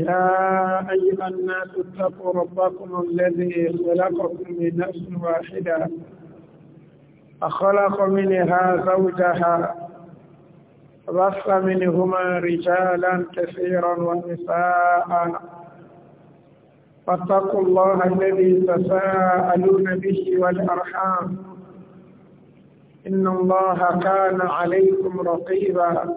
يا أيها الناس اتقوا ربكم الذي خلقكم من نفس واحدة أخلق منها زوجها بث منهما رجالا كثيرا ونساء فاتقوا الله الذي تساءلون به والأرحام إن الله كان عليكم رقيبا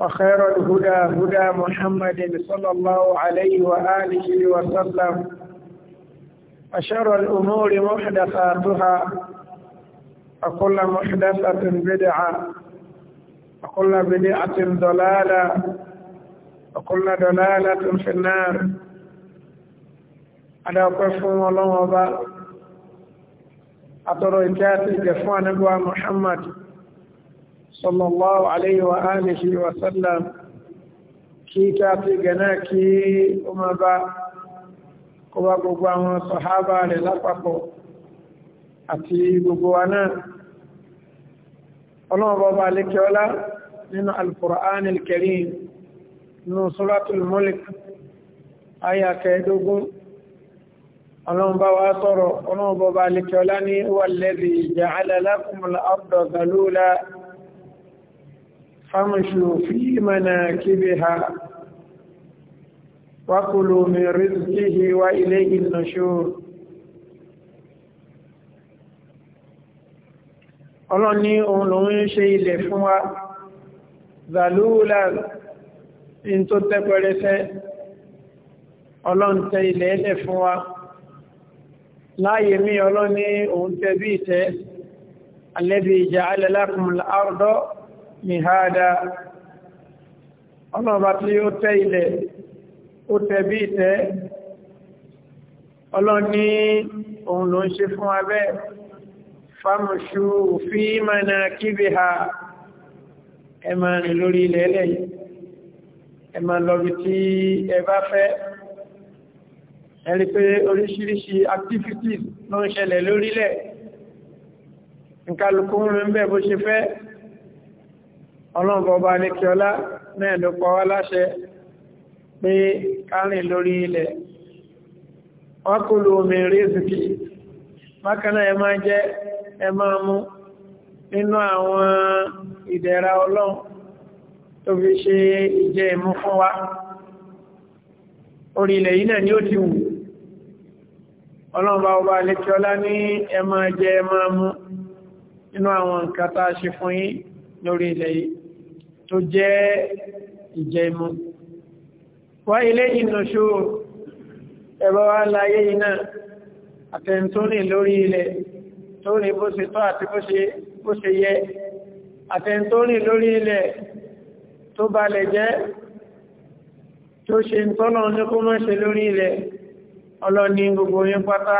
وخير الهدى هدى محمد صلى الله عليه وآله وسلم وشر الأمور محدثاتها وكل محدثة بدعة وكل بدعة ضلالة وكل ضلالة في النار على قفهم الله وبا أترى إكاتي جفوان محمد صلى الله عليه وآله وسلم kí kí a fi gẹ̀nà kí ó ma bá kó bá gbogbo àwọn sọ̀hábà rẹ̀ lápapọ̀ àti gbogbo wa náà ọlọ́ọ̀bọ̀ bá lékẹ́ ọlá nínú al-Qur'an al-Karim nínú Suratul Mulk ayà kẹẹ̀dógún ọlọ́ọ̀bá wa sọ̀rọ̀ ọlọ́ọ̀bọ̀ bá lékẹ́ ọlá ní huwa alladhi ja'ala lakumul arda dhalula فامشوا في مناكبها وكلوا من رزقه وإليه النشور ọlọ́run ní ohun lòun ń ṣe ilẹ̀ fún wa zàlúùlà in tó tẹ́pẹrẹsẹ́ ọlọ́run tẹ ilẹ̀ ẹlẹ̀ fún wa láàyè mí ọlọ́run ní ohun bí ìtẹ́ alẹ́bí ìjà alẹ́lákùnmùlá àrùdọ́ mihada ọlọ́ọ̀bá tí ó tẹ́ ilẹ̀ ó tẹ́ bí ìtẹ́ ọlọ́ni òun ló ń ṣe fún abẹ́ fámọ̀ṣù fi mọ̀nà kíbi ha ẹ rìn lórí ilẹ̀ ẹlẹ́ ẹ lọ́bi tí ẹ bá fẹ́ ẹ pé oríṣiríṣi activities ló ń ṣẹlẹ̀ lórílẹ̀ nkálukú ń rìn bó ṣe fẹ́ ọlọ́run ọba ní kí ọlá náà ló pa wá láṣẹ pé kárìn lórí ilẹ̀ ọkùnlù omi rẹ́sìkì mákànnà ẹ máa jẹ ẹ máa mú nínú àwọn ìdẹ̀ra ọlọ́run tó fi ṣe ìjẹ ìmú fún wa orí ilẹ̀ yìí náà ni ó ti wù ọlọ́run bá ní kí ọlá ní ẹ máa jẹ ẹ máa mú nínú àwọn nǹkan tá a ṣe fún yín lórí ilẹ̀ yìí tó jẹ́ ìjẹmú wá ilé ìnàṣó ẹ̀bọ́ wá láyé iná àtẹntóní lórí ilẹ̀ tó rí bó ṣe tọ́ àti bó ṣe yẹ àtẹntóní lórí ilẹ̀ tó balẹ̀ jẹ́ tó ṣe ń tọ́nà ní kó mọ́ ṣe lórí ilẹ̀ ọlọ́ni gbogbo yín pátá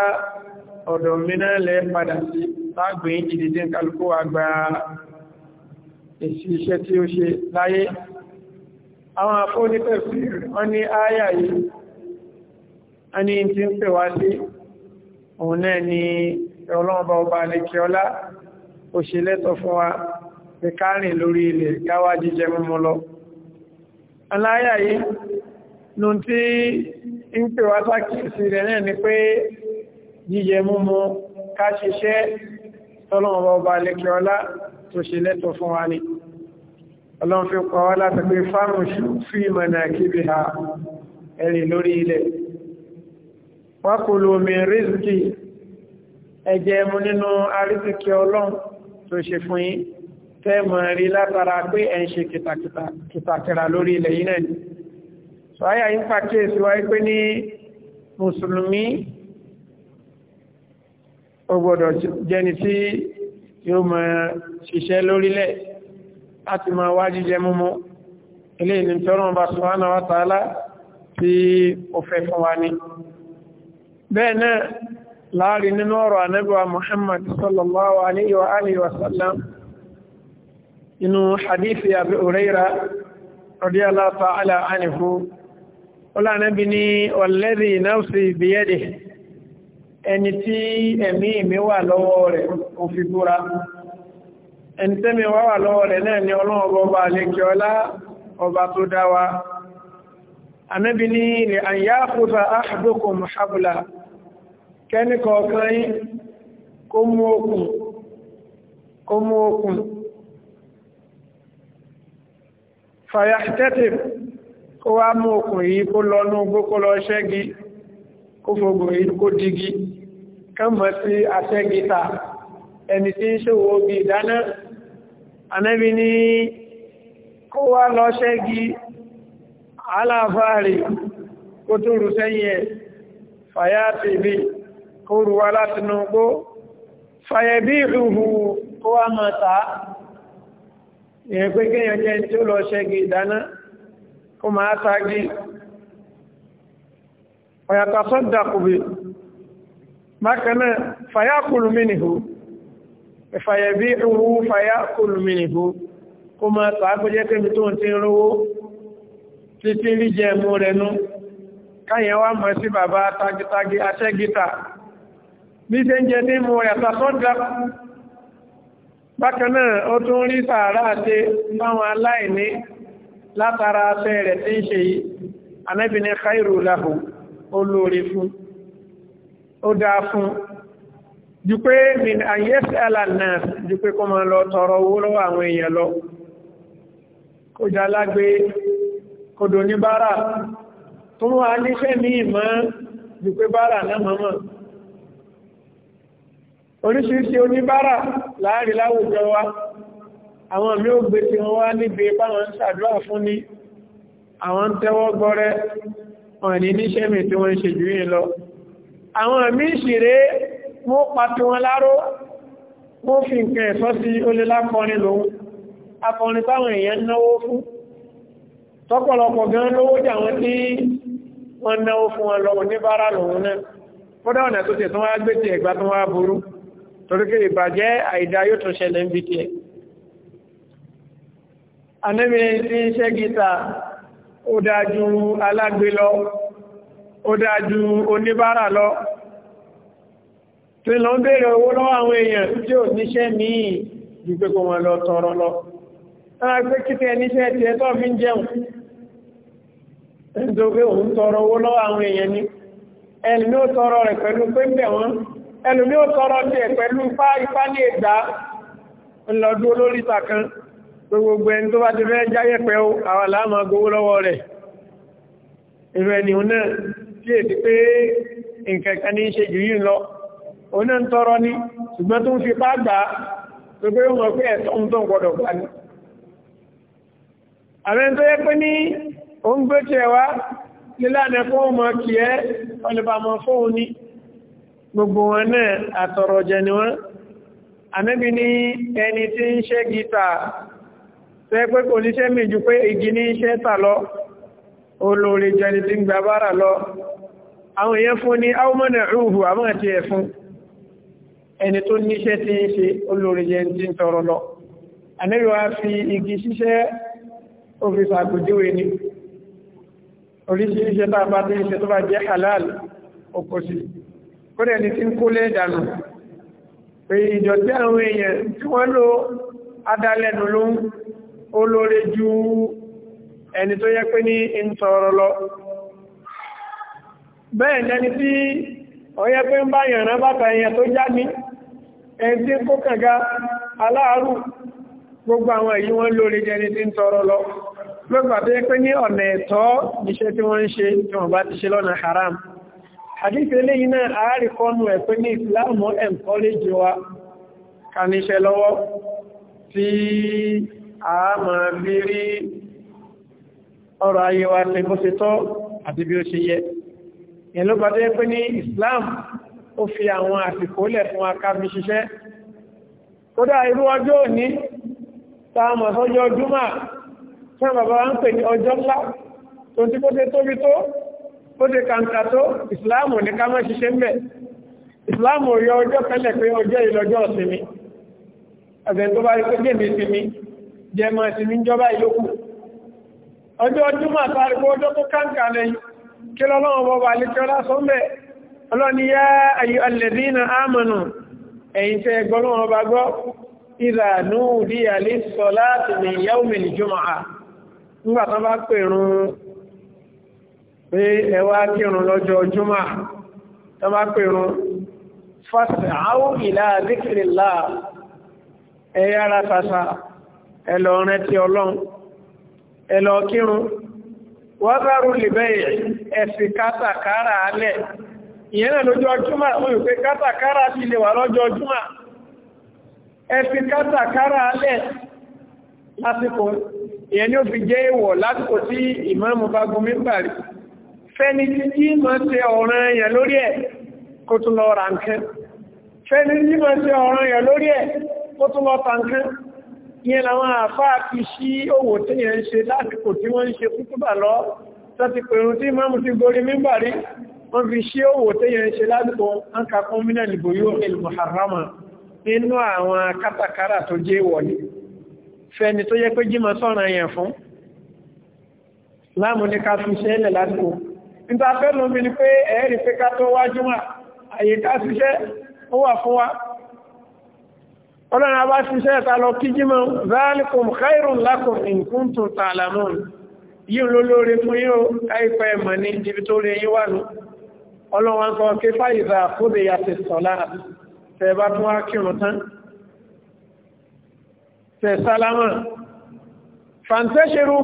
ọ̀dọ̀ mìíràn lẹ́ padà sí lágbèé jìdìdín kálukú àgbà èsì iṣẹ́ tí ó ṣe láyé àwọn afọ́nipẹ̀fì wọ́n ní ááyà yìí a ní tí ń pè wá sí òun náà ni ọlọ́ọ̀bá ọba alẹ́kẹ́ ọlá ó ṣe lẹ́tọ̀ fún wa pé kárìn lórí ilẹ̀ káwà jíjẹ mímú lọ aláyà yìí nù tí ń pè wá sákìsì rẹ̀ náà ni pé jíjẹ mímú ká ṣiṣẹ́ tọ́lọ́ọ̀bá ọba alẹ́kẹ́ ọlá tó ṣe lẹ́tọ̀ fún wa ní ọlọ́run fi pa wá láti pé fárùsù fí ìmọ̀nà kíbi ha ẹ̀rì lórí ilẹ̀ wákùlù min rízìkì ẹjẹ́ mu nínú arísìkì ọlọ́run tó ṣe fún yín tẹ́mọ̀ rí látara pé ẹ̀ ń ṣe kìtàkìtà lórí ilẹ̀ yìí tí ó máa ṣiṣẹ́ lórílẹ̀ láti máa wá jíjẹ múmú ilé ìlú tọ́rọ bá subhanahu wa ta'ala tí ó fẹ́ fún wa ní bẹ́ẹ̀ náà láàrin nínú ọ̀rọ̀ anábíwa Muhammad sallallahu alayhi wa alihi wa sallam ẹni tí ẹ̀mí mi wà lọ́wọ́ rẹ̀ ó fi búra ẹni tẹ́mi wá wà lọ́wọ́ rẹ̀ náà ni ọlọ́run ọba àlekẹ́ ọlá ọba tó dá wa Ànábì ní ilẹ̀ àyà àkúta àdókò mọ̀hábùlà kẹ́nìkọ̀ ọ̀kan kó mú okùn kó kánmọ̀ sí aṣẹ́ gita, ẹni tí ń ṣòwò bí ìdáná anẹ́bí ní kó wá lọ ṣẹ́gi aláfààrí kó tó rú sẹ́yìn ẹ̀ fàyà tèbí kó rú wá láti nùgbó fàyẹ̀bí ìrùhù kó wá mọ̀ tàá ìyẹn pé bákanáà fàyàkùlù mínìhù ìfàyẹ̀bí ìhù fàyàkùlù mínìhù kó máa tààkójẹ́ tẹ́mi tó ń ti rówó títí rí jẹ mú rẹnú káyẹ̀ wá mọ̀ sí bàbá tagitagi aṣẹ́gita bí ṣe ń jẹ ní mú ẹ̀ta sọ́dá bákanáà ó tún rí sàárà àti báwọn aláìní látara aṣẹ́ rẹ̀ khairu lahu olóore fún ó dáa fún ju pé min ayes alanas ju pé kó máa lọ tọrọ owó lọ́wọ́ àwọn èèyàn lọ kó já lágbé kó do ní bára tó wà níṣẹ́ ní ìmọ̀ ju pé bára náà mọ́mọ́ oríṣiríṣi oníbára láàrin láwùjọ wa àwọn mi ò gbé tí wọ́n wá níbi báwọn ń ṣàdúrà fún ní àwọn tẹ́wọ́ gbọ́rẹ́ wọ́n ní níṣẹ́ mi tí wọ́n ń ṣe jù yìí lọ àwọn àmì ìṣeré wọ́n pàtí wọn láró wọ́n fi nǹkan ẹ̀fọ́ sí olè lápọrin lòun akọrin táwọn èèyàn náwó fún tọ́pọ̀lọpọ̀ gan lówó jà wọ́n tí wọ́n náwó fún wọn lọ́wọ́ ní bára lòun náà kódà ọ̀nà tó tẹ̀ tó wá gbé tí ẹ̀gbá tó wá burú torí kí ìbàjẹ́ àìdá yóò tún ṣẹlẹ̀ ń bí tí ẹ̀ anẹ́mi ó dájú oníbàárà lọ tí lọ ń bèèrè owó lọ́wọ́ àwọn èèyàn tí ò níṣẹ́ míì ju pé kó wọn lọ tọrọ lọ ara pé kíkẹ́ níṣẹ́ tiẹ̀ tó fi ń jẹun ẹ̀ńdó pé òun tọrọ owó lọ́wọ́ àwọn èèyàn ni ẹlùmí ó tọrọ rẹ̀ pẹ̀lú pé ń bẹ̀ wọ́n ẹlùmí ó tọrọ tiẹ̀ pẹ̀lú ipá ní ẹ̀dá ńlọdún olórí takan gbogbo ẹni tó bá ti fẹ́ jáyẹ̀pẹ̀ o máa gbowó lọ́wọ́ rẹ̀ ìrẹ̀nìún náà kíyè sí pé nǹkankan ní ṣe jù yìí lọ oná ń tọrọ ní ṣùgbọ́n tó ń fi pá gbà tó pé wọ́n pé ẹ̀tọ́ ń tó ń gbọdọ̀ gbà ní àwọn tó yẹ pé ní òun gbé tí ẹwà nílànà fún ọmọ kì ẹ́ ọlọ́bàmọ́ jẹni tí ń gbà bára lọ àwọn èèyàn fún ní áwọ́mọ́nà rúhù àwọn àti ẹ̀fún ẹni tó níṣẹ́ tí ń ṣe olóríyẹ tí ń tọrọ lọ Ànábì wa fi ni oríṣiríṣẹ́ tá a halal òkòsí kódẹ̀ ni tí ń kó lẹ́dànù pé ìjọ̀tí àwọn èèyàn tí wọ́n lò ju ẹni tó yẹ pé ní ń lọ bẹ́ẹ̀ lẹni tí ọ̀yẹ́ pé ń bá yànrán bàtà èèyàn tó já ní ẹni tí kó kànga aláàrù gbogbo àwọn èyí wọ́n lórí jẹni tí ń tọrọ lọ lọ́gbà tó yẹ pé ní ọ̀nà ẹ̀tọ́ iṣẹ́ tí wọ́n ń ṣe tí wọ́n bá ti ṣe lọ́nà haram àdífẹ́ lẹ́yìn náà àárí kọ́nù ẹ̀ pé ní ìsìláàmù ẹ̀mkọ́lẹ́jì wa ká níṣẹ́ lọ́wọ́ wa tẹ́gbọ́sẹ̀tọ́ àti bí ó ṣe yẹ yẹn ló gbọdọ̀ pé ní Islam ó fi àwọn àsìkò lẹ̀ fún akábi ṣiṣẹ́ kódà irú ọjọ́ òní táàmọ̀ sọ́jọ́ júmà tí wọ́n bàbá ń pè ní ọjọ́ ńlá tó ti kó tẹ́ tóbi tó ó ti kàǹkà tó ìsìláàmù ní ká mọ́ ṣiṣẹ́ mẹ́ ìsìláàmù yọ ọjọ́ kẹlẹ̀ pé ọjọ́ ìlọ́jọ́ ìsinmi ọ̀sẹ̀ tó bá rí pé gbèmí ìsinmi jẹmọ́ ìsinmi jọba ìlókù ọjọ́ júmà tàbí ọjọ́ tó kàǹkà lẹ́yìn kí lọ́lọ́wọ́ bọ́bá alẹ́kẹ́ọ́lá sọ́mẹ́ ọlọ́niyá ayò alẹ́dínà ámànù ẹ̀yìn tẹ́ gbọ́lọ́wọ́ bá gbọ́ ìlànà òdí àlẹ́sọ láti ní yàwùmìlì jùmọ̀ à ńgbàtán bá pèrún pé ẹwà kírun lọ́jọ́ jùmọ̀ tán bá pèrún fásitàáwò ìlà àdíkìrìlá ẹ̀yà ara tàṣà ẹ̀lọ́rẹ́ ti ọlọ́run ẹ̀lọ́ kírun wọ́bẹ̀rù lìbẹ̀yẹ̀ ẹ̀sì kátàkárà alẹ́ ìyẹn náà lójú ọjúmà mú ìpé kátàkárà sí lè wà lọ́jọ́ ọjúmà ẹ̀sì kátàkárà alẹ́ lásìkò ìyẹn ni ó fi jẹ́ ìwọ̀ lásìkò tí ìmáàmù bá gún mímbàrí fẹ́ni tí jí mọ́ ṣe ọ̀ràn èèyàn ìyẹn làwọn àfáà fi sí òwò tí yẹn ń ṣe lásìkò tí wọ́n ń ṣe kútúbà lọ tọ́ti pẹ̀rún tí máàmù ti gorí mímbàrí wọ́n fi sí òwò tí yẹn ń ṣe lásìkò ánka kọ́mínà ìbò yóò ilẹ̀ muharrama nínú àwọn kátàkárà tó jẹ́ wọ̀lẹ̀ ni pé ẹ̀ẹ́rì pé ká tó ọlọ́run abá ṣiṣẹ́ ẹ̀ta lọ kí jímọ̀ zalikum khairun lakum in kuntum ta'lamun yíò ló lóore fún yíò káìpẹ́ ẹ̀mọ̀ ní ibi tó rí yíwà nù ọlọ́run sọ kí fàyíza kóde ya ti sọ̀lá tẹ̀bá tún wá kírun tán tẹ̀ sálámà fàǹtẹ́ṣẹ̀rù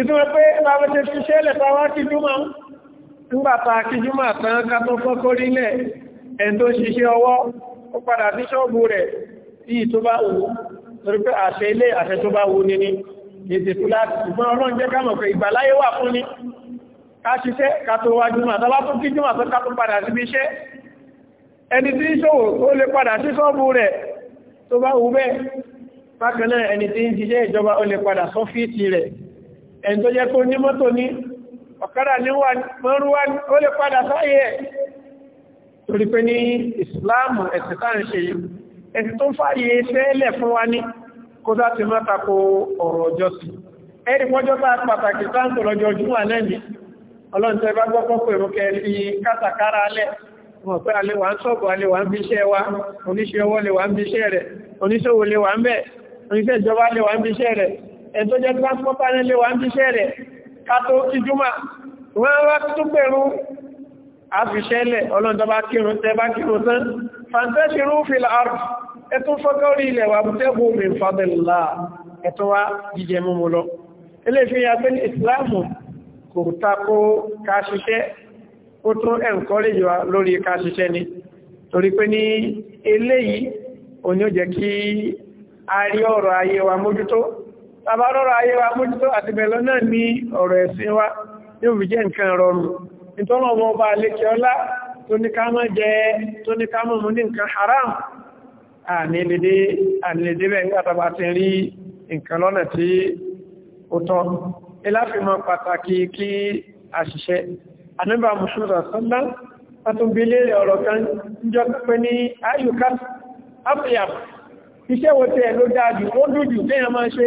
ìtumọ̀ pé bàbá ṣe fi ṣẹlẹ̀ tàwá kí júmọ̀ ńgbàtà kí júmọ̀ tán ká tó kọ́kọ́ rílẹ̀ ẹn tó ṣiṣẹ́ ọwọ́ ó padà sí ṣọ́ọ̀bù rẹ̀ yìí tó bá wù torí pé àṣẹ ilé àṣẹ tó bá wù ní ní ètè tó láti ṣùgbọ́n ọlọ́run jẹ́ kámọ̀ pé ìgbàláyé wà fún ni ká ṣiṣẹ́ ká tó wá júmọ̀ ẹni tó jẹ́ kó ní mọ́tò ní ọ̀kadà ní mọ́rúwá ó lè padà sáyé ẹ̀ torí pé ní ìsìláàmù ẹ̀sìn tá ń ṣe yìí ẹ̀sìn tó fàyè sẹ́lẹ̀ fún wa ní kó dá ti mọ́ta ko ọ̀rọ̀ ọjọ́ sí ẹ̀rì pọ́jọ́ tá pàtàkì sáńtò lọ́jọ́ ojúmọ́ náà ẹ̀ tó jẹ́ transporter nílé wa ń bíṣẹ́ rẹ̀ kátó ìjúmà wọ́n wá tó pẹ̀rú àfiṣẹ́lẹ̀ ọlọ́ndọba kírun tẹ bá kírun tán fàntẹ́ṣirú fìlà àrùn ẹ̀tún fọ́kọ́rí ilẹ̀ wà bútẹ́bù mi fàbẹ̀lá ẹ̀tún wá jíjẹ múmú wa lórí káṣiṣẹ́ ni torí pé ní eléyìí òní ó jẹ́ kí a rí ọ̀rọ̀ ayé wa mójútó tàbárọ́rọ̀ ayé wa mójútó àti bẹ̀lọ náà ní ọ̀rọ̀ ẹ̀sìn wa yóò fi jẹ́ nǹkan rọrùn nítorí ọmọ ọba alékẹ́ ọlá tó ní ká mọ́ jẹ tó ní ká mọ́ mú ní nǹkan haram ànílédébẹ̀ nígbàtàbà ti rí nǹkan lọ́nà tí ó tọ́ iláfimọ̀ pàtàkì kí àṣìṣe anábà mùsùlùmí sọ́dá àtúnbílé ọ̀rọ̀ kan jọ pé ní ayùká áfíà iṣẹ́ wo tẹ́ ló dáa ó dùn jù tẹ́yàn máa ṣe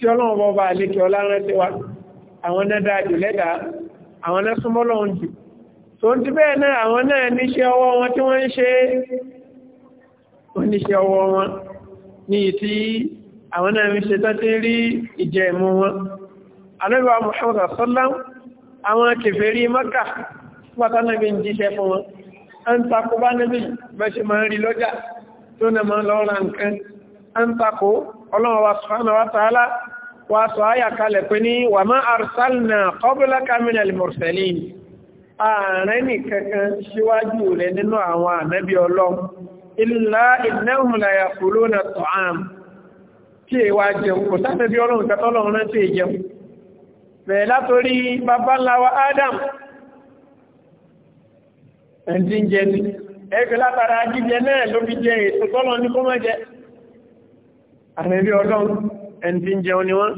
tí ọlọ́run bọ́ bá lékè ọlá rántí wa àwọn náà dáadì lẹ́dà àwọn náà súnmọ́ lọ́run jù tó ń ti bẹ́ẹ̀ náà àwọn náà níṣẹ́ ọwọ́ wọn tí wọ́n ń ṣe oníṣẹ́ ọwọ́ wọn ní ìtí àwọn náà ń ṣe tọ́tí rí ìjẹ ìmú wọn alẹ́bàá Muhammad sọ́lá àwọn kèfèrí ọlọ́run wa subhanahu wa ta'ala wa sọ ayà kalẹ̀ pé ní wa ma arsalna qablaka minal mursalin ààrẹ nìkankan síwájú rẹ̀ nínú àwọn ànábì ọlọ́run illa innahum la yaquluna ta'am tí èwà jẹun kò sáfẹ́ ni ẹgbẹ̀ látara jíjẹ náà ló fi jẹ ètò tọ́lọ ní kó mọ́ jẹ ànẹ́bí ọlọ́run ẹni tí ń jẹun ni wọ́n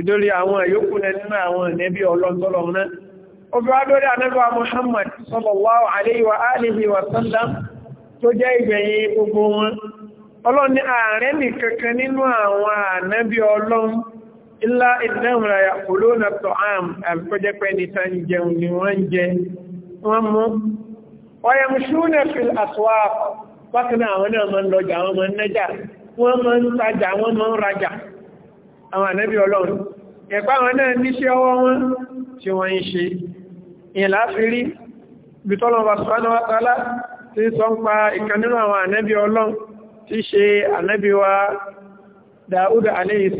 ìdórí àwọn ìyókù nínú àwọn ànẹ́bí ọlọ́ntọ́lọ́ náà ó fi wá dórí ànẹ́bí Muhammad sallallahu alaihi wa alihi wa sallam tó jẹ́ ìgbẹ̀yìn gbogbo wọn ọlọ́run ní ààrẹ nìkankan nínú àwọn ànẹ́bí ọlọ́run ilá ìdáhùn àyà olóòna tó àm àbíkọ́jẹ́pẹ́ ní ta ń jẹun ni wọ́n ń jẹ wọ́n mú ọyẹmṣúnẹ̀ fil aswaq bákan náà àwọn náà máa ń lọjà àwọn ọmọ nájà wọ́n máa ń tajà wọ́n máa ń rajà àwọn ànábì ọlọ́run ẹ̀pá wọn náà níṣẹ́ ọwọ́ wọn tí wọ́n ń ṣe ìyẹn láfírí bí tọ́lọ́wọ́ subhanahu wa ta'ala tí sọ ń pa ìkan nínú àwọn ànábì ọlọ́run tí ṣe ànábì wa Dawud alayhi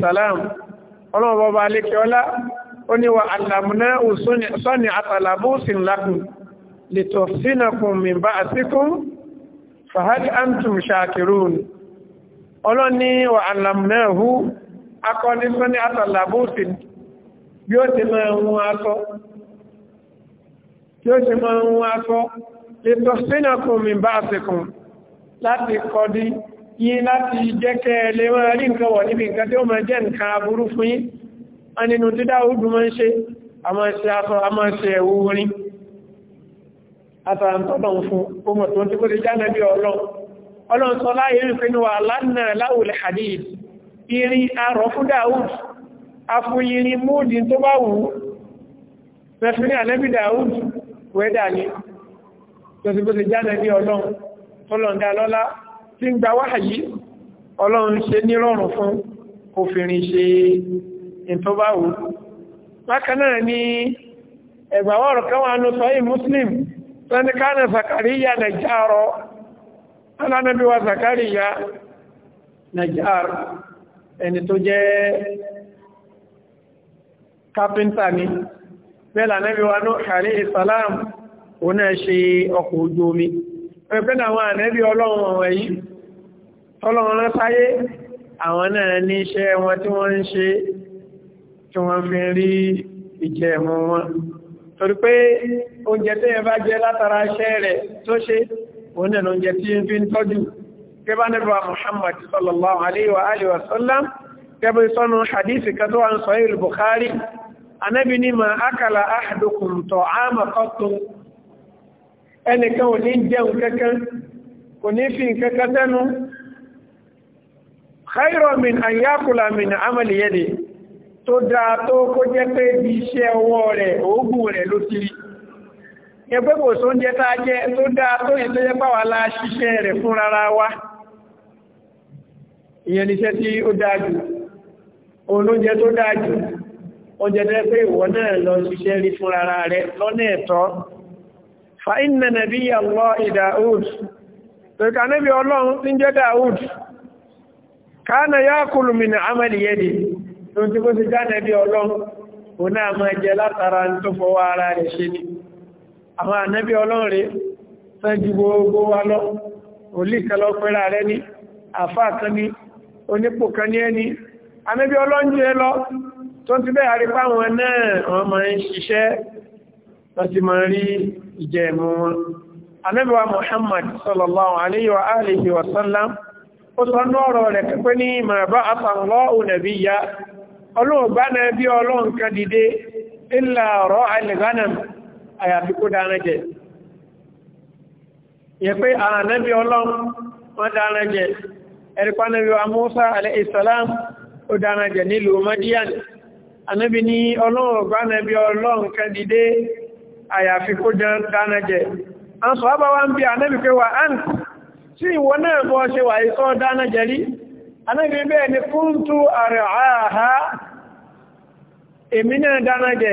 ọlọ́ni wà àlàmẹ́hù akọni sọ́ni àtàlàbóòsì bí ó ti máa ń wọ́n aṣọ tí ó ti máa ń wọ́n aṣọ lè tọ́ sínà kò mì bá àsìkùn láti kọdí yí láti jẹ́ kẹ́ lè máa rí nǹkan wọ̀ níbi nǹkan tí ó máa jẹ́ nǹkan aburú fún yí a dídá ojú máa ń ṣe a máa ṣe aṣọ a máa ṣe ẹ̀wú orin àtàràntọ́lọ̀ fún ọmọ tó ti kó ti jáde bí ọlọ́run ọlọ́run sọ láyé rí pínú wà lánàá láwùlẹ̀ hadid irin arọ̀ fún Dáúd afún irin múdì tó bá wù mẹ́fìrí ànẹ́bí Dáúd wẹ́dà ní tọ́sígbóṣe jáde ní ọlọ́run tọ́lọ̀ndà lọ́lá tí ń gba wáhàyí ọlọ́run ṣe nírọ̀rùn fún òfìrin ṣe alánàbí wa Zakariya Najjar ẹni tó jẹ́ kápíntà ni bẹ́ẹ̀lá nẹ́bí wa ní àrí ìsàlám òun náà ṣe ọkọ̀ ojú omi pẹ̀pẹ́ àwọn ànẹ́bí ọlọ́run ọ̀rọ̀ yìí tọ́lọ́run rán sáyé àwọn náà ní iṣẹ́ wọn tí wọ́n ń ṣe tí wọ́n fi rí ìjẹ ẹ̀mọ́ wọn torí oúnjẹ tó yẹ bá jẹ látara iṣẹ́ rẹ̀ tó ṣe òun ẹ̀nà oúnjẹ tí ń fi ń tọ́jú gẹ́bá nípa Muhammad sallallahu alaihi wa alihi wa sallam gẹ́bá sọ́nà hadithi kan tó wà ń sọ ìlú Bukhari anábi ní ma akala ahadukum ta'ama qatun ẹnìkan min an yakula min amali yadi tó dáa tó kó jẹ́ pé bí iṣẹ́ ọwọ́ rẹ̀ òógùn rẹ̀ ló ti rí ẹgbẹ́ kò só ń jẹ tá jẹ tó dáa tó yẹ tó yẹ pàwà láà ṣiṣẹ́ rẹ̀ fún rárá wá ìyẹn níṣẹ́ tí ó dáa jù olóúnjẹ tó dáa jù oúnjẹ tẹ́ pé ìwọ náà lọ ṣiṣẹ́ rí fún rárá rẹ̀ lọ́nà ẹ̀tọ́ fa inna nabiyya tí kó ti já nẹ́bí ọlọ́run òun náà máa jẹ látara tó fọwọ́ ara rẹ̀ ṣe ni àwọn ànẹ́bí ọlọ́rẹ̀ nri ju gbogbo wa lọ olíkẹlọ pẹ́ra rẹ ní ni. kan ẹni ànẹ́bí ọlọ́njẹ́ lọ tó ti bẹ́ẹ̀ àrí fáwọn náà wọ́n ma ń ṣiṣẹ́ láti ma rí ìjẹ ẹ̀mú wọn ànẹ́bí wa Muhammad sallallahu alayhi wa alihi wa sallam ó àyàfi kó dáná jẹ yẹ pé àwọn ànábì ọlọ́run wọ́n dáná jẹ ẹ̀rìpá ànábì wa Musa alayhi salam ó dáná jẹ nílùú Madian ànábì ní ọlọ́run ọgbà ànábì ọlọ́run kan dìde àyàfi kó dáná jẹ àwọn sọ̀rọ̀ bá wá ń bí ànábì pé wà án tí ìwọ náà bọ́ ṣe wà ìsọ́ dáná jẹ rí ànábì bẹ́ẹ̀ dáná jẹ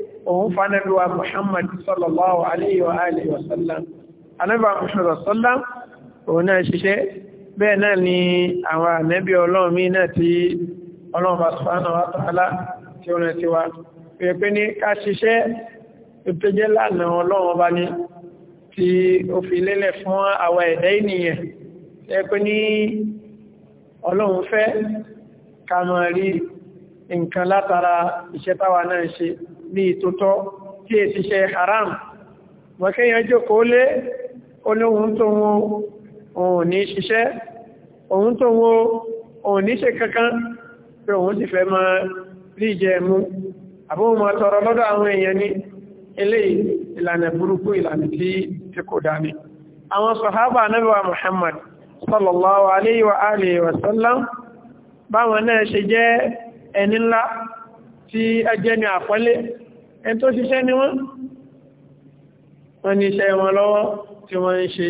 òun fanẹ́lúwa Muhammad sallallahu alayhi wa alihi wa sallam anábà Muhammad sallam òun náà ṣiṣẹ́ bẹ́ẹ̀ náà ni àwọn ànẹ́bí ọlọ́ọ̀mí náà ti ọlọ́ọ̀bá subhanahu wa ta'ala tí ó rẹ̀ ti wá pẹ̀pẹ́ ní ká ṣiṣẹ́ ìpẹjẹ́ lánàá ọlọ́wọ́n bá ní tí ọlọ́run fẹ́ ká rí nǹkan látara iṣẹ́ náà ṣe ní ìtòtọ́ tí è ti ṣe haram mọ̀kíyàn jókòó lé olóhun tó wọn òun ní ṣiṣẹ́ òun tó wọn òun ní ṣe kankan pé òun ti fẹ́ máa rí jẹ mú àbúrò máa tọrọ lọ́dọ̀ àwọn èèyàn ní eléyìí ìlànà burúkú ìlànà tí tí kò dání àwọn sàhábà Ànábì Muhammad sallallahu alayhi wa alihi wa ẹn tó ṣiṣẹ́ ni wọ́n wọ́n ní iṣẹ́ wọn lọ́wọ́ tí wọ́n ń ṣe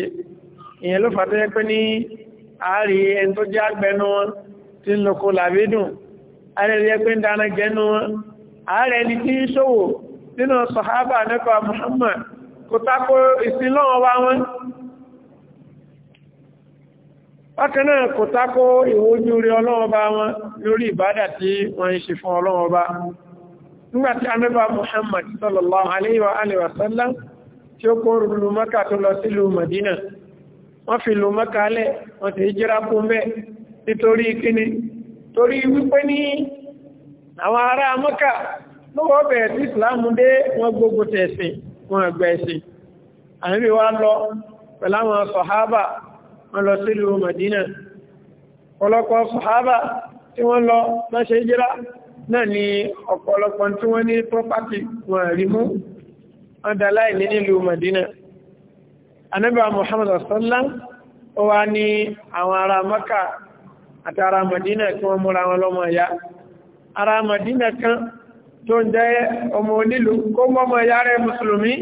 ìyẹn ló fà tó yẹ pé ní ààrí ẹn tó jẹ́ àgbẹ̀nu wọn tí ń lóko làbídùn ààrẹ yẹ pé ń dáná jẹ́nu wọn ààrẹ ni tí ń ṣòwò nínú sọ̀hábà nípa Muhammad kò tako ìsinlọ́wọ́ wa wọn bákan náà kò tako ìwójú rí ọlọ́wọ́ bá wọn bá wọn nígbàtí anábà Muhammad sallallahu alayhi wa alihi wa sallam tí ó kó lù Mákà tó lọ sí lù Madina wọ́n fi lù Mákà lẹ̀ wọ́n ti jíra kún bẹ́ nítorí kíni torí wípé ní àwọn ará Mákà lọ́wọ́ bẹ̀rẹ̀ sí Ìsìlámù dé wọ́n gbógun tẹ̀sìn wọn ẹgbẹ́ wọ́n lọ náà ni ọ̀pọ̀lọpọ̀ tí wọ́n ní property wọn rí mú ọdàláì ní nílùú Madina anábà Muhammad asọ́lá ó wá ní àwọn ará Maka àti ará Madina kí wọ́n múra wọn lọ́mọ ya ará Madina kan tó ń jẹ́ ọmọ onílùú kó mọ́mọ ya rẹ̀ mùsùlùmí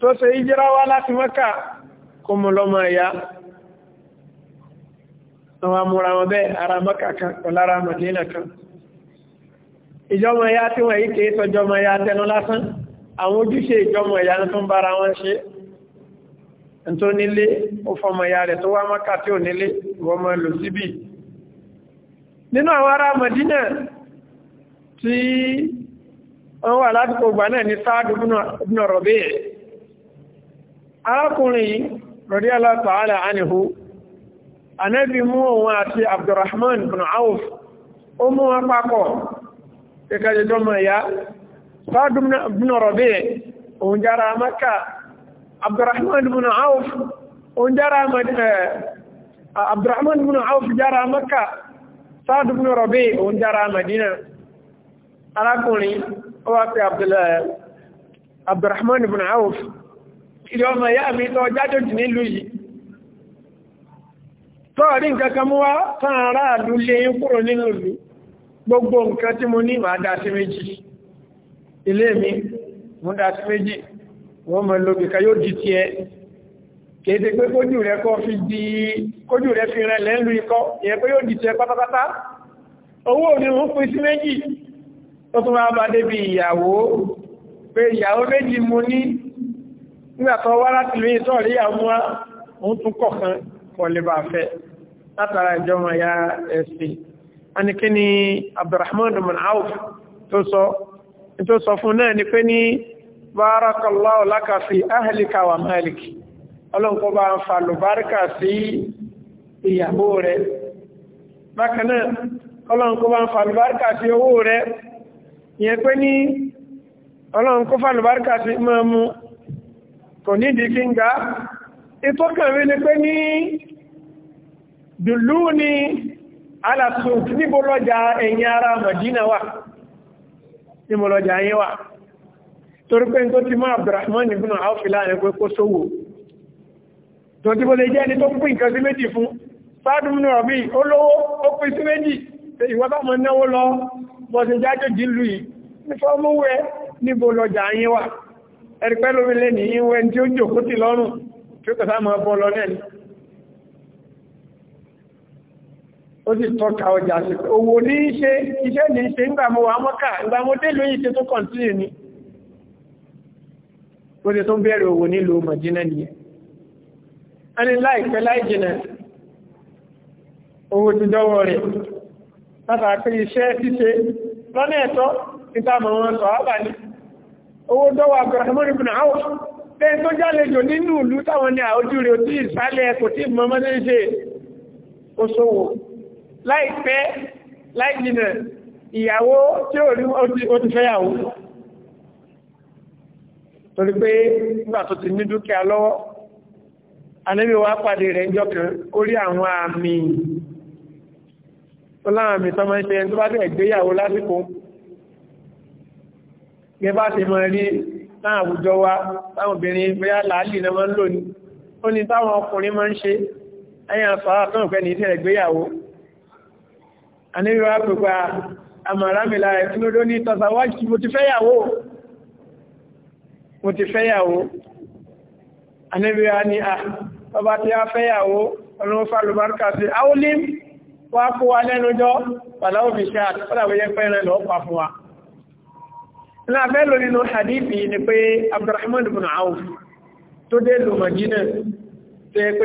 tó ṣe ìjírá wá láti Maka kó mú lọ́mọ ya àwọn amúra wọn bẹ́ẹ̀ ará Maka kan pẹ̀lára Madina kan ìjọmọ ya tí wọ́n yí kìí sọjọmọ ya tẹnu lásán àwọn ojúṣe ìjọmọ ya tó ń bára wọn ṣe tó nílé ó fọmọ ya rẹ̀ tó wá mọ́ká tí ò nílé wọ́n mọ́ lò síbì nínú àwọn ará Mọ̀dínà tí wọ́n wà ládùúgbò gbà náà ní sáàdù ibn Rabi' arákùnrin radiyallahu ibn Auf ó mú kíkàjọ jọmọ ya Sa'd ibn Rabi' òun jára Makka Abdurrahman ibn Auf òun jára Abdurrahman ibn Auf jára Makka Sa'd ibn Rabi' òun jára Madina arákùnrin ó wá pé Abdurrahman ibn Auf ilé ọmọ ìyá mi tó jáde jù nílùú yìí tọ́ọ̀rí nǹkan kan mú wá tán aráàlú lé kúrò nínú ìlú gbogbo nǹkan tí mo ní máa dá sí méjì ilé mi mo dá sí méjì wọ́n mọ̀ lóbi ká yóò di ti ẹ kéde pé kójú rẹ kọ́ fi di kójú rẹ fi rẹ lẹ́nu ikọ́ ìyẹn pé yóò di ti ẹ pátápátá owó ni mo pín sí méjì ó tún máa bá débi ìyàwó pé ìyàwó méjì mo ní nígbàtọ̀ wá láti lóyìn tọ́ rí àwọn ohun tún kọ̀kan kọ̀ lè bá fẹ́ látara ìjọmọ̀ ya ẹ̀sìn wọ́n ni kí ni Abdurrahman ibn Auf tó sọ tó sọ fún náà ni pé ní barakallahu laka fi ahlika wa maliki ọlọ́nkọ́ bá ń fa lùbáríkà sí ìyàwó rẹ̀ bákan náà ọlọ́nkọ́ bá ń fa lùbáríkà sí owó rẹ̀ ìyẹn pé ní ọlọ́nkọ́ fa lùbáríkà sí máa mú kò nídìí kí ń ga ìtọ́kàn ni pé alàtò níbo lọ́jà ẹ̀yìn ara Madina wà níbo lọ́jà yẹn wà torí pé tó ti mọ́ Abdurrahman ibn Auf láàrin pé kó sówò tó tí bó lè jẹ́ ẹni tó pín nǹkan sí méjì fún fádùn ní ọ̀bí olówó ó pín sí méjì ìwọ́n bá mọ́ náwó lọ bọ́sí jájòjì lù yìí ó sì tọ́ka ọjà sí pé owó ní ṣe iṣẹ́ ní ṣe ńgbà mo wà mọ́kà ńgbà mo dé lóyìn ṣe tó kọ̀ntínì ni ó ṣe tó ń bẹ̀rẹ̀ owó nílùú mọ̀jínà nìyẹn a ní láìpẹ́ láìjìnà owó ti dọ́wọ́ rẹ̀ látà pé iṣẹ́ ṣíṣe lọ́nà ẹ̀tọ́ ìtàmọ̀ wọn sọ láìpẹ́ láìjìnà ìyàwó tí ó rí ó ti fẹ́yàwó torí pé nígbà tó ti ní dúkìá lọ́wọ́ Ànábì wa pàdé rẹ̀ ìjọ kan ó rí àwọn àmì tó láwọn àmì tọmọ ṣe tó bá tẹ̀ gbéyàwó lásìkò gẹ́bá ti mọ̀ rí láwọn àwùjọ wa táwọn obìnrin bóyá làálì náà máa ń lò ní ó ní táwọn ọkùnrin máa ń ṣe ẹ̀yàn aníwá pẹ̀pẹ́ àmàrámìlá ẹ̀kúnlódó ní tọ́sàwájì mo ti fẹ́yàwó mo ti fẹ́yàwó aníwá ní ah, à ọba tí a fẹ́yàwó ọlọ́wọ́ fàlùbárkà sí áúlìm wá kó wa lẹ́nujọ́ pàláwò fi ṣe àtọ́láwẹ́yẹ pẹ́rẹ lọ pa fún wa láàfẹ́ lò nínú hadithi ni pé Abdurrahman ibn Auf tó dé lò Madina tó yẹ pé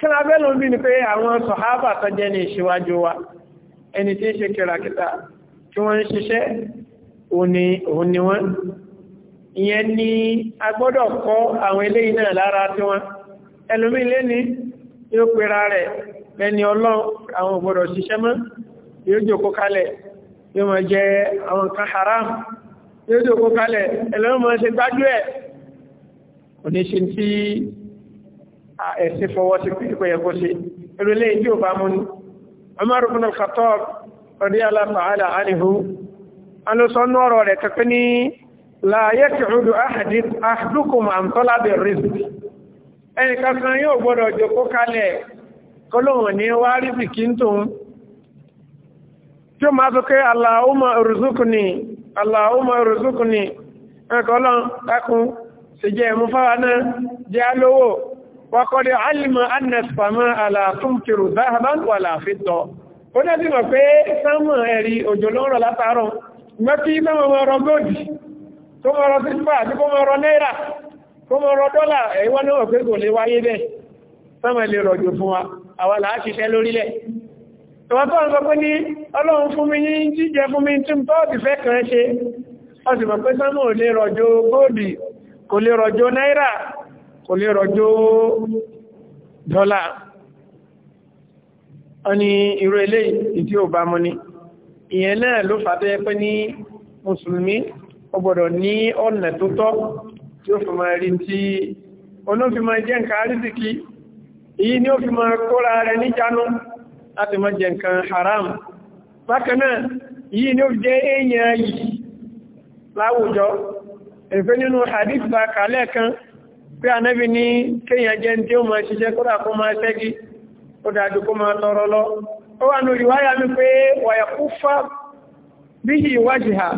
kí la fẹ́ lóbi ni pé àwọn sọ̀hábà tó jẹ́ ní ìṣíwájú wa ẹni tí ń ṣe kìràkìtà tí wọ́n ń ṣiṣẹ́ òun ni wọ́n ìyẹn ni a gbọ́dọ̀ kọ́ àwọn eléyìí náà lára tí wọ́n ẹlòmí lé ní yóò pera rẹ̀ lẹ́ni ọlọ́run àwọn ògbọ́dọ̀ ẹ̀sìn fọwọ́ sí pípẹ́ ẹ̀kọ́ sí ìrìnlẹ̀ ìdí ò bá mú ní Umar ibn al-Khattab radiyallahu ta'ala anhu alùsọ́nù ọ̀rọ̀ rẹ̀ kẹ́kẹ́ ní la yaq'udu ahadukum an talabi rizq ẹnì kankan yóò gbọ́dọ̀ jókòó kalẹ̀ kọlọ́wọ̀n ní wá rízìkì ń tóun tí ó máa sókè Allahumma irzuqni Allahumma irzuqni ẹ̀kọ́ náà jẹ́ alówó wàkọ̀dẹ̀ alìmọ̀ annasfàmọ́ alàtúnkìrù záhàbán wà láàfíìtọ̀. ó dẹ́ sí mọ̀ pé sámọ̀ ẹ̀rí òjò lọ́rọ̀ látàárọ̀ mẹ́fí mẹ́mọ̀ mọ́rọ̀ góòdì tó mọ́rọ̀ sípà àti kó mọ́rọ̀ náírà kó mọ́rọ̀ dọ́là ẹ̀wọ́n náà pé kò lè wáyé bẹ́ sámọ̀ lè rọ̀jò fún wa àwa là á ṣiṣẹ́ lórílẹ̀ tọ́wọ́ tó ń sọ pé ní ọlọ́run fún náírà kò lè rọjò dọ́là wọ́n ní irú eléyìí tí ó bá mú ní ìyẹn náà ló fàtẹ́ pé ní mùsùlùmí ó gbọ́dọ̀ ní ọ̀nà tó tọ́ tí ó fi máa rí tí olófin máa jẹ́ nǹkan àrísìkí èyí ni ó fi máa kóra rẹ̀ níjánu láti máa jẹ nǹkan haram bákanáà èyí ni ó jẹ́ èèyàn yìí láwùjọ ẹ̀fẹ́ nínú hadith kalẹ́ kan pé anẹ́bí ní kéèyàn jẹ́ tí ó máa ṣiṣẹ́ máa ṣẹ́gi ó dájú kó máa tọrọ lọ ó wà ní ìwáyà mi pé wàyà kú fá bí ha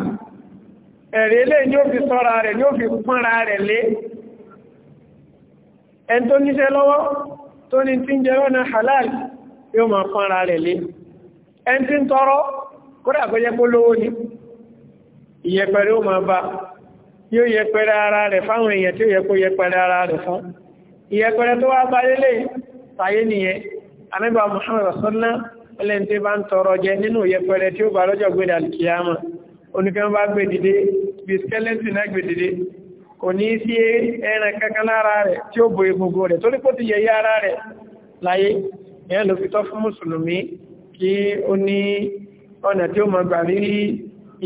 ẹ̀rẹ́ ilé ni ó fi sọ́ra rẹ̀ ni ó fi pọ́nra rẹ̀ lé ẹn tó níṣẹ́ lọ́wọ́ tó ní tí ń jẹ lọ́nà halal yóò máa pọ́nra rẹ̀ lé tí ó yẹpẹrẹ ara rẹ̀ fáwọn èèyàn tí ó yẹ kó yẹpẹrẹ ara rẹ̀ fún ìyẹpẹrẹ tó wá bá lélè tàyé nìyẹn anábà Muhammad sọ́nà ẹlẹ́ni tí bá ń tọrọ jẹ nínú yẹpẹrẹ tí ó bá lọ́jọ́ gbé dàlùkìyàmà oníkan bá gbé dìde bí skeleton náà gbé dìde kò ní sí ẹran kankan lára rẹ̀ tí ó bo egungun rẹ̀ torí kó rẹ̀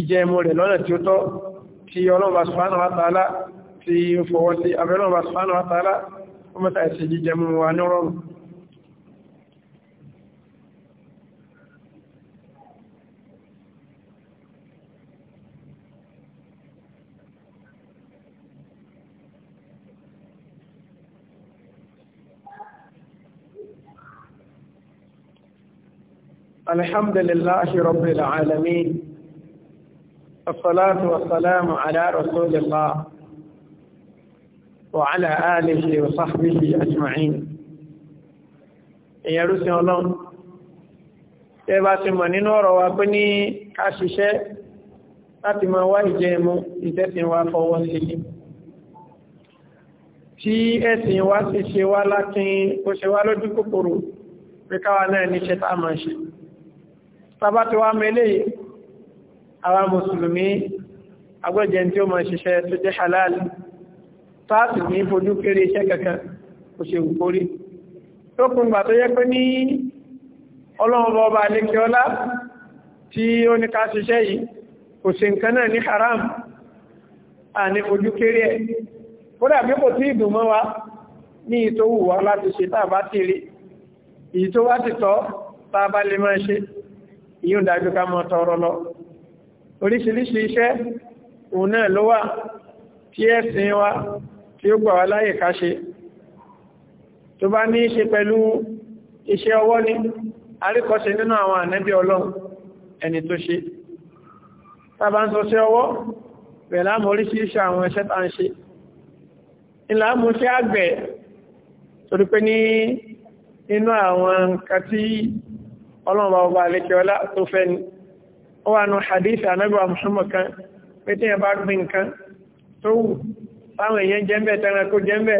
lọ́nà tí ó tọ́ tí ọlọ́ọ̀bá subhanahu wa ta'ala tí ó fọwọ́ sí abẹ́lọ́ọ̀bá subhanahu wa ta'ala ó mẹ́ta ẹ̀sẹ̀ jíjẹ mú wa ní rọrùn Alhamdulillahi Rabbil Alamin الصلاة والسلام على رسول الله وعلى آله وصحبه أجمعين يا رسول الله ẹba ti mọ̀ nínú ọ̀rọ̀ wa pé ní ká ṣiṣẹ́ láti máa wá ìjẹ́ mú ìtẹ́sìn wa fọwọ́ sí i tí ẹ̀sìn wa sì ṣe wá láti ó ṣe wá lójú kòkòrò pé náà níṣẹ́ tá máa ṣe tábà tí àwọn mùsùlùmí agbẹ́jẹ́ tí ó mọ̀ ṣiṣẹ́ tó jẹ́ halal táàtì ní fojú kéré iṣẹ́ kankan kò ṣe wùkórí tó kún gbà tó yẹ pé ní ọlọ́run ọba alékiọlá tí ó ní ká ṣiṣẹ́ yìí kò ṣe nǹkan náà ní haram à ní fojú kéré ẹ̀ kódà bí kò tí ìdùn mọ́ wa ní ìtò wù wá láti ṣe tá a bá ti rí èyí tó wá ti tọ́ tá a bá lè máa ṣe ìyóǹdájú ká mọ́ tọrọ lọ oríṣiríṣi iṣẹ́ òun náà ló wà tí ẹ̀sìn wa tí ó gbà wá láyè ká ṣe tó bá ní ṣe pẹ̀lú iṣẹ́ ọwọ́ ní àríkọ́ṣe nínú àwọn ànẹ́bí ọlọ́run ẹni tó ṣe tàbá ń sọ sí ọwọ́ bẹ̀lá mọ̀ oríṣiríṣi àwọn ni ó wà nù hadith anábíwá muhammad kan pé tí yẹn bá gbin nǹkan tó wù fáwọn èèyàn jẹ́ńbẹ̀ tẹ́ran kó jẹ́ńbẹ̀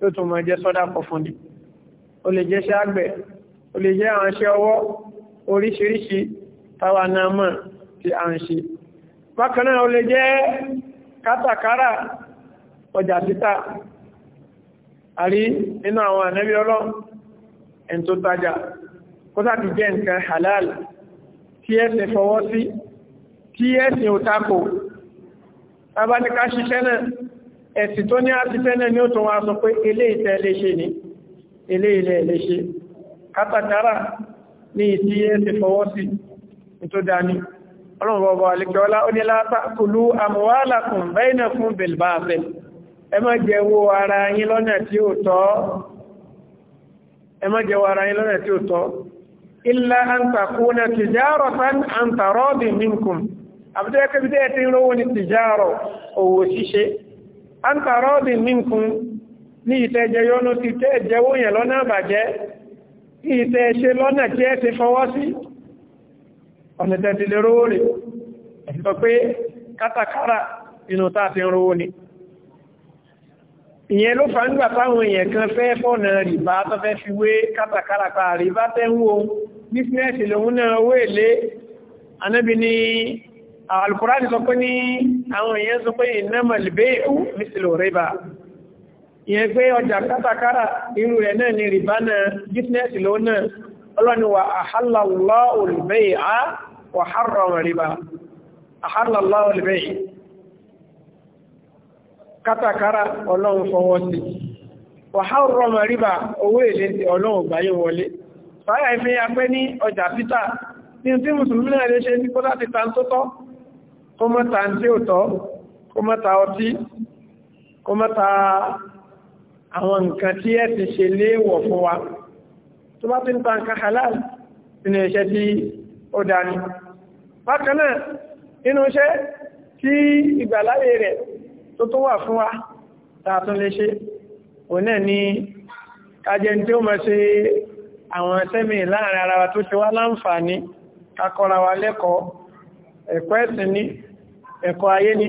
tó tún mọ̀ jẹ́ sọ́dá pọ̀ fún ni ó lè jẹ́ iṣẹ́ àgbẹ̀ ó lè jẹ́ àwọn iṣẹ́ ọwọ́ oríṣiríṣi táwa náà mọ̀ tí a ń ṣe bákan náà lè jẹ́ kátàkárà ọjà títà àrí nínú àwọn ànábí ọlọ́ tajà kó sáà ti jẹ́ nǹkan halal tí ẹ̀sìn fọwọ́ sí tí ẹ̀sìn òtakò abáníká ṣiṣẹ́ náà ẹ̀sìn tó ní àṣìṣẹ́ náà ni ó tún wá sọ pé ilé ìtẹ́ léṣe ni ilé ilẹ̀ léṣe kátàkárà ní ìtí ẹ̀sìn fọwọ́ sí tó dání ọlọ́mọ̀bọ̀ alìkẹ́ọlá ó ní látà kùlú àmúwálàkùn bẹ́ẹ̀nà fún bilbaabẹ̀ ẹ má illa an takuna tijaratan an taradi minkum abde ka bi de tin ro ni tijaro owó ṣíṣe an taradi minkum ni te je yono ti te je wo yen lọ́nà bàjẹ́ ti te ṣe lọ́nà ti e ti fọwọ́ sí ọ̀nà te ti le ro re sọ pé kátàkárà inú ta ti ro ni ìyẹn ló fa nígbà táwọn èèyàn kan fẹ́ fọ́nà rìbá tó fẹ́ fi wé kátàkárà pa rìbá tẹ́ ń wo bísínẹ́sì lòun náà owó èlé anábi ni alkùránì sọ pé ní àwọn èèyàn sọ pé ìnámà lèbé ìwú mísìlò rẹ̀bà ìyẹn pé ọjà kátàkárà irú rẹ̀ náà ni rìbá náà bísínẹ́sì lòun náà ọlọ́niwà àhálàlá olùbẹ́ ìhá wà hárọ̀ rẹ̀bà àhálàlá olùbẹ́ ìhá owó èlé ọlọ́run gbáyé wọlé fàáyà ìfẹ́ ya pé ní ọjà pítà ní tí mùsùlùmí náà lè ṣe ní kó láti ta tó tọ́ kó mọ́ta tí ó tọ́ kó mọ́ta ọtí kó mọ́ta àwọn nǹkan tí ẹ ti ṣe léèwọ̀ fún wa tó bá ti ń ta nǹkan halal nínú iṣẹ́ tí ó dání bákan náà nínú iṣẹ́ tí ìgbàláyé àwọn tẹ́mì láàrin ara wa tó ṣe wá láǹfààní kakọ́ra wa lẹ́kọ̀ọ́ ẹ̀kọ́ ẹ̀sìn ní ẹ̀kọ́ ayé ní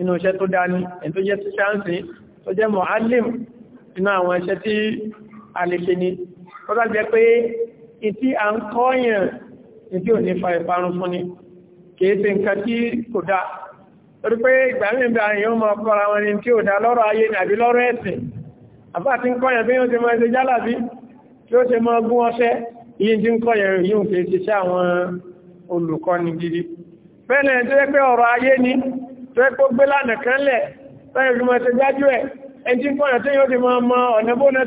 inú iṣẹ́ tó dání ẹ̀ tó jẹ́ tíṣáǹsì tó jẹ́ mọ̀álìm inú àwọn iṣẹ́ tí a lè ṣe ni tó dájẹ́ pé ìtí à ń kọ́yàn ìtí ò ní fa ìparun fún ni kìí ṣe nǹkan tí kò dá torí tí ó ṣe mọ́ gún ọṣẹ́ yìí tí ń kọ́ yẹ̀rọ yìí ń fi ṣiṣẹ́ àwọn olùkọ́ni gidi bẹ́ẹ̀ tó yẹ pé ọ̀rọ̀ ayé ni tó yẹ kó gbé lánà kan lẹ̀ bẹ́ẹ̀ fi mọ́ ṣe gbájú ẹ̀ ẹni tí ń kọ́ yẹn tí yóò ti mọ́ mọ́ ọ̀nà bó náà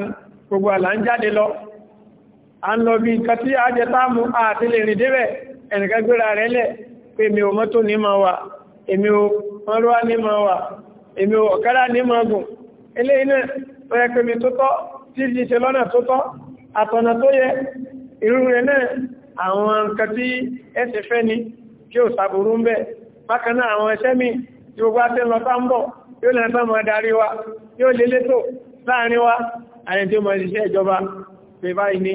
ní gbogbo àlà ń jáde lọ a ń lọ bí nǹkan tí a jẹ táàmù àti lè rìn débẹ̀ ẹnìkan gbéra rẹ̀ lẹ̀ pé èmi ò mọ́tò ní ma wà èmi ò mọ́rúwá ní ma wà èmi ò ọ̀kadà ní ma gùn eléyìí náà ó yẹ pèmí tó tí ti ṣe lọ́nà tó àtọ̀nà tó yẹ irú rẹ̀ náà àwọn nǹkan tí ni kí ò sàbùrú ń bẹ̀ bákan náà àwọn ẹsẹ́ mi tí gbogbo àti ńlọ tá ń bọ̀ yóò lẹ́nu tá mọ̀ darí wa yóò lé létò láàrin wa àrẹ tí ó mọ̀ ìṣẹ́ ìjọba pé báyìí ní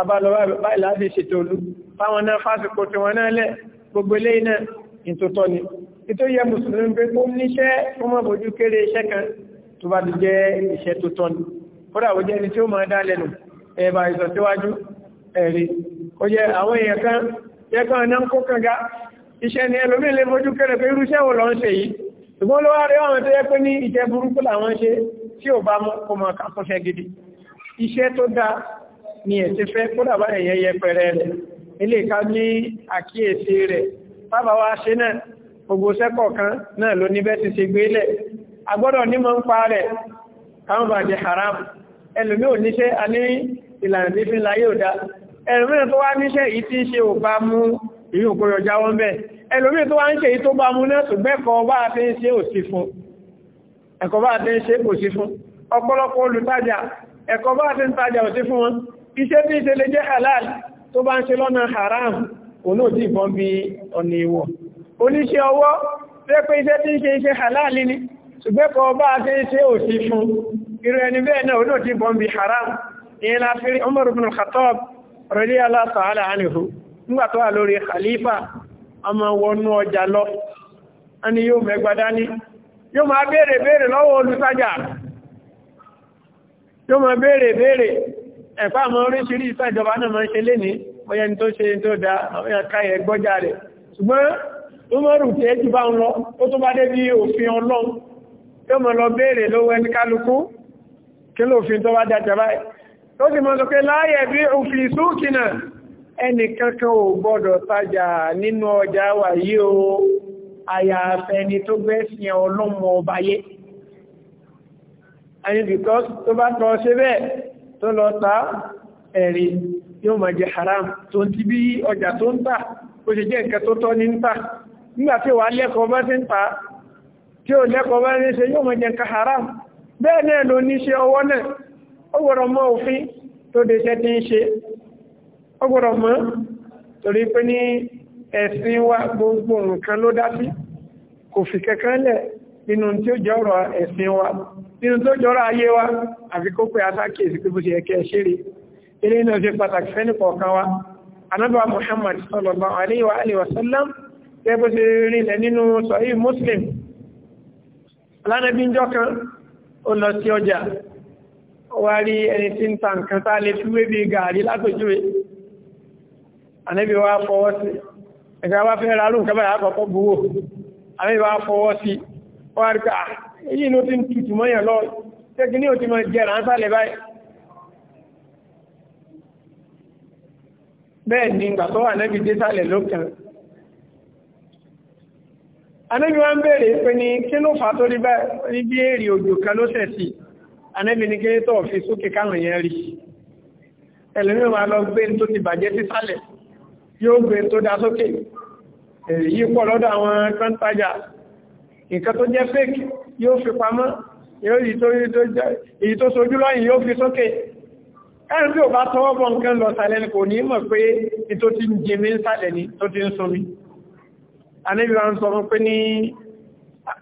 abálọ́wà báyìí láti ṣètò olú fáwọn náà fásitì tí wọ́n náà lẹ̀ gbogbo ilé iná ìtòtọ́ ni ìtò yẹ mùsùlùmí pé kó níṣẹ́ ó mọ̀ bójú kéré iṣẹ́ kan tó bá ti jẹ́ iṣẹ́ ni kódà ó jẹ́ ẹni tí ó mọ̀ dá lẹ́nu ni ẹlòmí lè bójú kéré tí ò bá mú kó máa kásọ́ṣẹ́ gidi iṣẹ́ tó dá ni ẹ̀sẹ̀ fẹ́ kó dàbá ẹ̀yẹ yẹpẹrẹ rẹ̀ ilé ká ní àkíyèsí rẹ̀ bábá wa ṣe náà gbogbo sẹ́kọ̀ kan náà ló níbẹ̀ ti ṣe gbélẹ̀ agbọ́dọ̀ ní mọ́ ń pa rẹ̀ káwọn bá di haram ẹlòmí ò níṣẹ́ a ní ìlànà tí fi láyé ò dá ẹlòmí tó wá níṣẹ́ èyí tí ṣe ò bá mú èyí ò kó yọjá wọn bẹ́ẹ̀ ẹlòmí tó wá ń ṣe èyí tó bá mú náà ṣùgbẹ́kọ̀ọ́ bá a fi ń ṣe òsì fún un ẹ̀kọ́ bá ti ń ṣe kò sí fún ọ̀pọ̀lọpọ̀ olùtajà ẹ̀kọ́ bá ti ń tajà ò sí fún wọn iṣẹ́ tí ṣe lè jẹ́ halal tó bá ń ṣe lọ́nà haram kò náà tí ìbọn bí ọ̀nà ìwọ̀ oníṣẹ́ ọwọ́ tó iṣẹ́ tí ń ṣe iṣẹ́ halal ni ṣùgbẹ́kọ̀ bá ti ń ṣe ò sí fún irú ẹni bẹ́ẹ̀ náà ò náà tí ìbọn bí la fi Umar ibn Khattab khalifa ọmọ wọnú ọjà lọ yóò máa béèrè béèrè lọ́wọ́ olùtajà yóò máa béèrè béèrè ẹ̀pá àmọ́ oríṣirí ìfẹ́jọba náà máa ń ṣe léní ọyẹ́ ni tó ṣe tó dá káyẹ gbọ́já rẹ̀ ṣùgbọ́n ó mọ́rù tí ẹ jù bá ń lọ ó tó bá dé bí òfin ọlọ́run yóò máa lọ béèrè lọ́wọ́ ẹni kálukú kí lófin tó bá dájà báyìí tó sì mọ́ ò gbọ́dọ̀ tajà nínú ọjà wà yìí o àyàfẹ́ ni tó gbẹ́sìn ọlọ́mọ ọba yé ẹni bìkọ́ tó bá tọ́ ṣe bẹ́ẹ̀ tó lọ ta ẹ̀rí yóò máa jẹ haram tó ń ti bí ọjà tó ń tà ó ṣe jẹ́ nǹkan tó tọ́ ní ń tà nígbà tí wà lẹ́kọ̀ọ́ bá ti ń tà tí ò lẹ́kọ̀ọ́ bá haram bẹ́ẹ̀ náà ló ní ṣe ọwọ́ náà ó gbọ́dọ̀ mọ òfin tó de ṣẹ́ ẹ̀sìn wa gbogbo nǹkan ló dá sí kò fi kẹ́kẹ́ lẹ̀ nínú tí ó jẹ́ ẹ̀sìn wa nínú tó jọrọ̀ ayé wa àfi kó pé asákèsí pé bó ṣe ẹ̀kẹ́ ṣeré ilé náà ṣe pàtàkì fẹ́ni kọ̀ọ̀kan wa anábà Muhammad sallallahu alaihi wa sallam gẹ́gẹ́ bó ṣe rinlẹ̀ nínú Muslim alánàbí njọ́ kan ó lọ sí ọjà wá rí ẹni tí ń ta nǹkan tá lè fi wé fọwọ́ sí ẹ̀ka wá fẹ́ rárú nǹkan báyà àkọ́kọ́ buwó àríwá fọwọ́ sí wáríkà ah, èyí ló ti ń tutù mọ́yàn lọ tẹ́kì ní òtí máa jẹ́rà ń sálẹ̀ báyìí bẹ́ẹ̀ ni ìgbà tó wà nẹ́bí dé sálẹ̀ lókàn anẹ́bí wá ń bèèrè pé ní kí ló fà tó rí báyìí bí èrè òjò kan ló sẹ̀ sí anẹ́bí ní kéré tó fi sókè káwọn yẹn rí ẹlẹ́mìí wà lọ gbé tó ti bàjẹ́ sí sálẹ̀ yóò gbé tó dá sókè èyí pọ̀ lọ́dọ̀ àwọn kọ́ntajà nǹkan tó jẹ́ fake yóò fi pamọ́ èyí tó sojú lọ́yìn yóò fi sókè ẹ̀rùn tí ò bá tọwọ́ bọ̀ nǹkan lọ sàlẹ̀ ní kò ní mọ̀ pé ní tó ti ń jẹmí ń sàlẹ̀ ní tó ti ń sọmí anẹ́bíwá ń sọ mọ́ pé ní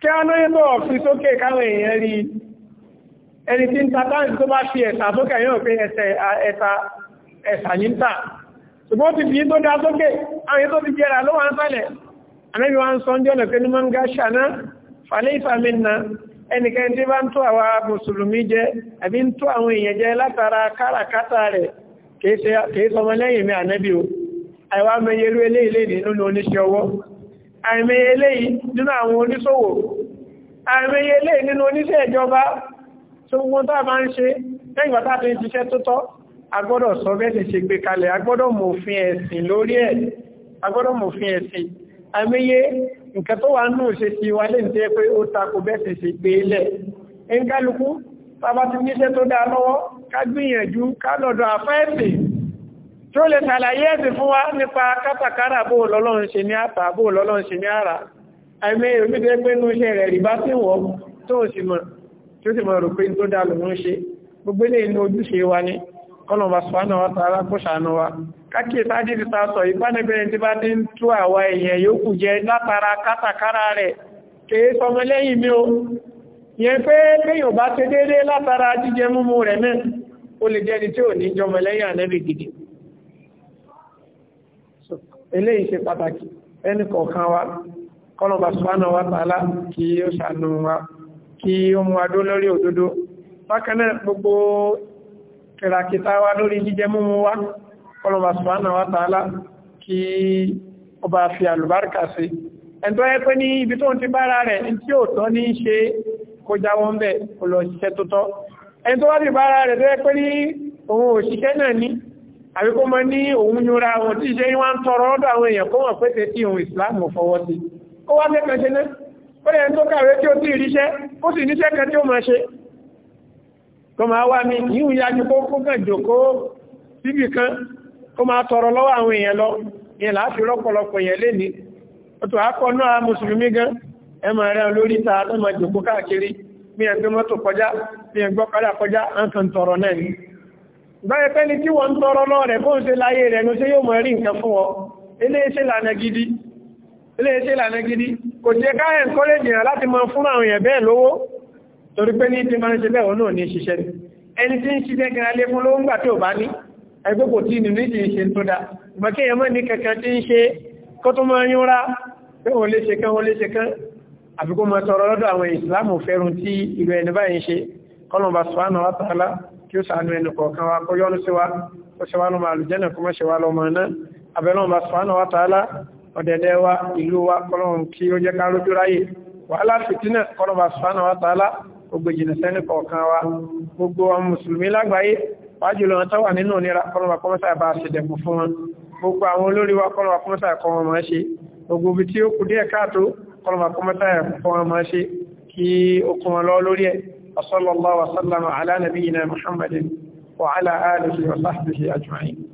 kí a náà bọ̀ fi sókè káwọn èèyàn rí ẹni tí ń ta táǹkì tó bá fi ẹ̀sà sókè yóò pé ẹ̀sà ẹ̀sà yínta ṣùgbọ́n ti fi tó dá sókè àwọn ètò ti jẹ́ra ló wà ń sálẹ̀ sọ ń jọ́nà pé ní máa ga ṣàná falẹ́ ìfàmì na ẹnìkan tí bá ń tó àwa mùsùlùmí jẹ àbí ń tó àwọn èèyàn jẹ látara káràkátà rẹ̀ kìí sọmọ lẹ́yìn mi ànábì o àìwá mẹyẹ irú eléyìí lè nínú oníṣẹ́ ọwọ́ àìmẹyẹ eléyìí nínú àwọn oníṣòwò àìmẹyẹ eléyìí nínú oníṣẹ́ agbọ́dọ̀ sọ bẹ́sẹ̀ ṣe gbé kalẹ̀ agbọ́dọ̀ mòfin ẹ̀sìn lórí ẹ̀ agbọ́dọ̀ mòfin ẹ̀sìn àmìyé nǹkan tó wà nù ṣe ti wà lè jẹ́ pé ó takò bẹ́sẹ̀ ṣe gbé lẹ̀ ń kálukú bàbá ti níṣẹ́ tó dá lọ́wọ́ ká gbìyànjú ká lọ́dọ̀ àfẹ́ẹ̀sìn tó lè tàlàyé ẹ̀sìn fún wa nípa kátàkárà bó lọ́lọ́run ṣe ní àtà bó lọ́lọ́run gbogbo ilé inú ojúṣe wa ni kọlọ̀bà sọ́nà wa tààrà kó ṣàánú wa káàkiri sáájì ti sáàtọ̀ ìbánibẹ̀rẹ̀ tí bá ti ń tú àwa èèyàn yóò jẹ látara kátàkárà rẹ̀ kèé sọmọ lẹ́yìn mi o yẹn pé kéèyàn bá ṣe déédé látara jíjẹ múmú rẹ̀ náà ó lè jẹ́ni tí ò gbogbo kìràkìtà wa lórí jíjẹ múmú wa kọlọ̀bà sùpánà wa tààlá kí ọba fi àlùbáríkà sí ẹ̀ntọ́ ẹ pé ní ibi tó ń ti bára rẹ̀ tí ò tọ́ ní ṣe kó jáwọ́ ń bẹ̀ kó lọ ṣiṣẹ́ tó tọ́ ẹni tó wá ti bára rẹ̀ tó yẹ pé ní òun òṣìṣẹ́ náà ní àbí kó ní òun yúra òun tí ṣe wá ń tọrọ ọ̀dọ̀ àwọn èèyàn kó mọ̀ pé tí òun ìsìláàmù fọwọ́ sí ó wá fẹ́ kan ṣe náà ó lẹ́yìn tó kàwé tí ó ti ríṣẹ́ ó sì níṣẹ́ kan tí ó máa ṣe tó máa wá mi yíò yájú kó kó kàn jòkó síbì kan kó máa tọrọ lọ́wọ́ àwọn èèyàn lọ yẹn láti rọ́pọ̀lọpọ̀ yẹn léni ó tó àkọ́ náà mùsùlùmí gan ẹmọ rẹ̀ lórí ta tó máa jòkó káàkiri bí ẹ̀ gbé mọ́tò kọjá bí ẹ̀ gbọ́ kọjá kọjá ń kan tọrọ náà ni báyẹ̀ pẹ́ni tí wọ́n ń tọrọ lọ rẹ̀ kó ń ṣe láyé rẹ̀ ní torí pé ní ti máa ń ṣe bẹ́ẹ̀ náà ní ṣiṣẹ́ ní ẹni tí ń ṣiṣẹ́ gan alé fún ló ń gbà tó bá ní ẹgbẹ́gbò tí inú ní ti ṣe tó dá ìgbàkẹ́ ẹmọ́ ní kankan tí ń ṣe kó tó máa yúnra pé wọ́n lè ṣe kán wọ́n lè ṣe kán àbí kó máa tọrọ lọ́dọ̀ àwọn ìsìláàmù fẹ́run tí ìlú ẹni báyìí ṣe kọlọ̀mbà sùhánà wa tààlà ọ̀dẹ̀dẹ̀ wa ìlú wa kọlọ̀m kí ó jẹ́ ká lójú ráyè wàhálà fìtínà kọlọ̀mbà sùhánà wa gbogbo ìjìnà sẹ́ni kọ̀ọ̀kan wa gbogbo àwọn mùsùlùmí lágbàáyé wájúlọ wọn tó wà nínú nira kọlọmọ kọmọsà bá ṣèdẹ̀kùn fún wọn gbogbo àwọn olórí wa kọlọmọ kọmọsà kọ wọn máa ṣe gbogbo ibi tí ó kù díẹ̀ káàtó kọlọmọ kọmọsà kọ wọn máa ṣe kí okun wọn lọ lórí ẹ̀